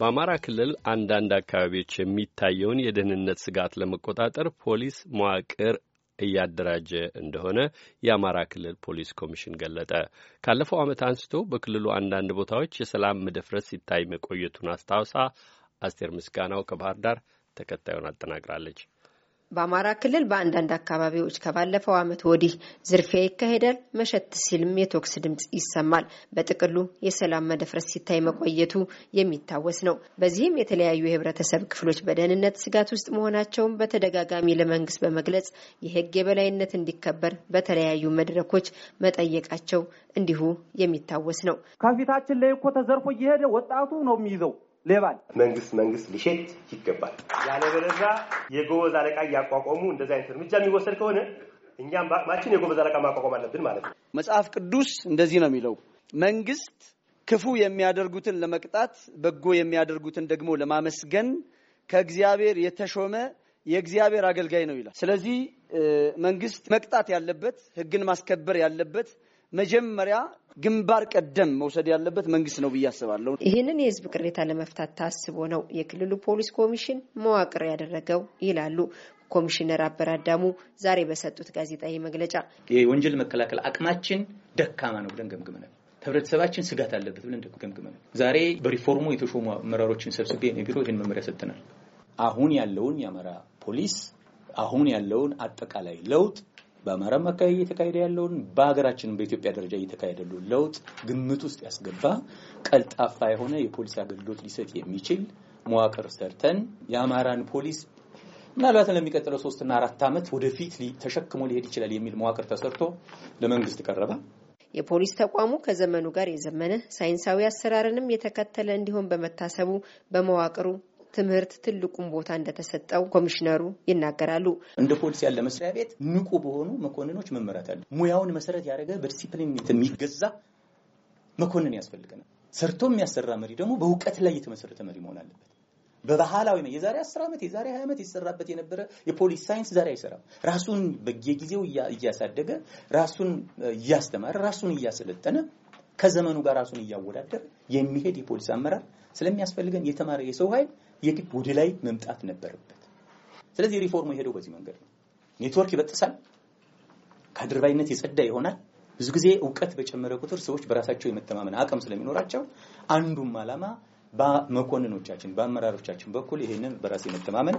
በአማራ ክልል አንዳንድ አካባቢዎች የሚታየውን የደህንነት ስጋት ለመቆጣጠር ፖሊስ መዋቅር እያደራጀ እንደሆነ የአማራ ክልል ፖሊስ ኮሚሽን ገለጠ። ካለፈው ዓመት አንስቶ በክልሉ አንዳንድ ቦታዎች የሰላም መደፍረስ ሲታይ መቆየቱን አስታውሳ አስቴር ምስጋናው ከባህር ዳር ተከታዩን አጠናቅራለች። በአማራ ክልል በአንዳንድ አካባቢዎች ከባለፈው ዓመት ወዲህ ዝርፊያ ይካሄዳል፣ መሸት ሲልም የተኩስ ድምፅ ይሰማል። በጥቅሉ የሰላም መደፍረስ ሲታይ መቆየቱ የሚታወስ ነው። በዚህም የተለያዩ የህብረተሰብ ክፍሎች በደህንነት ስጋት ውስጥ መሆናቸውን በተደጋጋሚ ለመንግስት በመግለጽ የህግ የበላይነት እንዲከበር በተለያዩ መድረኮች መጠየቃቸው እንዲሁ የሚታወስ ነው። ከፊታችን ላይ እኮ ተዘርፎ እየሄደ ወጣቱ ነው የሚይዘው ሌባል መንግስት መንግስት ሊሸት ይገባል። ያለበለዛ የጎበዝ አለቃ እያቋቋሙ እንደዚህ አይነት እርምጃ የሚወሰድ ከሆነ እኛም በአቅማችን የጎበዝ አለቃ ማቋቋም አለብን ማለት ነው። መጽሐፍ ቅዱስ እንደዚህ ነው የሚለው መንግስት ክፉ የሚያደርጉትን ለመቅጣት በጎ የሚያደርጉትን ደግሞ ለማመስገን ከእግዚአብሔር የተሾመ የእግዚአብሔር አገልጋይ ነው ይላል። ስለዚህ መንግስት መቅጣት ያለበት ህግን ማስከበር ያለበት መጀመሪያ ግንባር ቀደም መውሰድ ያለበት መንግስት ነው ብዬ አስባለሁ። ይህንን የህዝብ ቅሬታ ለመፍታት ታስቦ ነው የክልሉ ፖሊስ ኮሚሽን መዋቅር ያደረገው ይላሉ ኮሚሽነር አበራዳሙ ዛሬ በሰጡት ጋዜጣዊ መግለጫ። የወንጀል መከላከል አቅማችን ደካማ ነው ብለን ገምግመናል። ህብረተሰባችን ስጋት አለበት ብለን ገምግመናል። ዛሬ በሪፎርሙ የተሾሙ አመራሮችን ሰብስቤ ቢሮ ይህን መመሪያ ሰጥተናል። አሁን ያለውን የአማራ ፖሊስ አሁን ያለውን አጠቃላይ ለውጥ በአማራም አካባቢ እየተካሄደ ያለውን በሀገራችንም በኢትዮጵያ ደረጃ እየተካሄደ ያለውን ለውጥ ግምት ውስጥ ያስገባ ቀልጣፋ የሆነ የፖሊስ አገልግሎት ሊሰጥ የሚችል መዋቅር ሰርተን የአማራን ፖሊስ ምናልባት ለሚቀጥለው ሶስትና አራት ዓመት ወደፊት ተሸክሞ ሊሄድ ይችላል የሚል መዋቅር ተሰርቶ ለመንግስት ቀረበ። የፖሊስ ተቋሙ ከዘመኑ ጋር የዘመነ ሳይንሳዊ አሰራርንም የተከተለ እንዲሆን በመታሰቡ በመዋቅሩ ትምህርት ትልቁን ቦታ እንደተሰጠው ኮሚሽነሩ ይናገራሉ። እንደ ፖሊስ ያለ መስሪያ ቤት ንቁ በሆኑ መኮንኖች መመራት አለ። ሙያውን መሰረት ያደረገ በዲሲፕሊን የሚገዛ መኮንን ያስፈልገናል። ሰርቶ የሚያሰራ መሪ ደግሞ በእውቀት ላይ የተመሰረተ መሪ መሆን አለበት። በባህላዊ የዛሬ 10 ዓመት የዛሬ 20 ዓመት የተሰራበት የነበረ የፖሊስ ሳይንስ ዛሬ አይሰራም። ራሱን በየጊዜው እያሳደገ ራሱን እያስተማረ ራሱን እያሰለጠነ ከዘመኑ ጋር ራሱን እያወዳደር የሚሄድ የፖሊስ አመራር ስለሚያስፈልገን የተማረ የሰው ኃይል የግድ ወደ ላይ መምጣት ነበረበት። ስለዚህ ሪፎርሙ የሄደው በዚህ መንገድ ነው። ኔትወርክ ይበጥሳል፣ ከአድርባይነት የጸዳ ይሆናል። ብዙ ጊዜ እውቀት በጨመረ ቁጥር ሰዎች በራሳቸው የመተማመን አቅም ስለሚኖራቸው አንዱም ዓላማ በመኮንኖቻችን በአመራሮቻችን በኩል ይህንን በራስ የመተማመን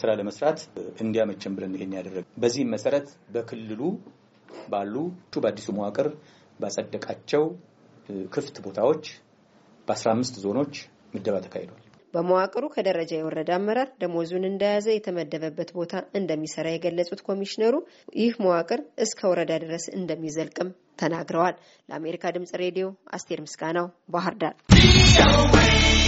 ስራ ለመስራት እንዲያመቸን ብለን ይሄን ያደረገ። በዚህም መሰረት በክልሉ ባሉ በአዲሱ መዋቅር ባጸደቃቸው ክፍት ቦታዎች በአስራ አምስት ዞኖች ምደባ ተካሂዷል። በመዋቅሩ ከደረጃ የወረደ አመራር ደሞዙን እንደያዘ የተመደበበት ቦታ እንደሚሰራ የገለጹት ኮሚሽነሩ ይህ መዋቅር እስከ ወረዳ ድረስ እንደሚዘልቅም ተናግረዋል። ለአሜሪካ ድምጽ ሬዲዮ አስቴር ምስጋናው ባህር ዳር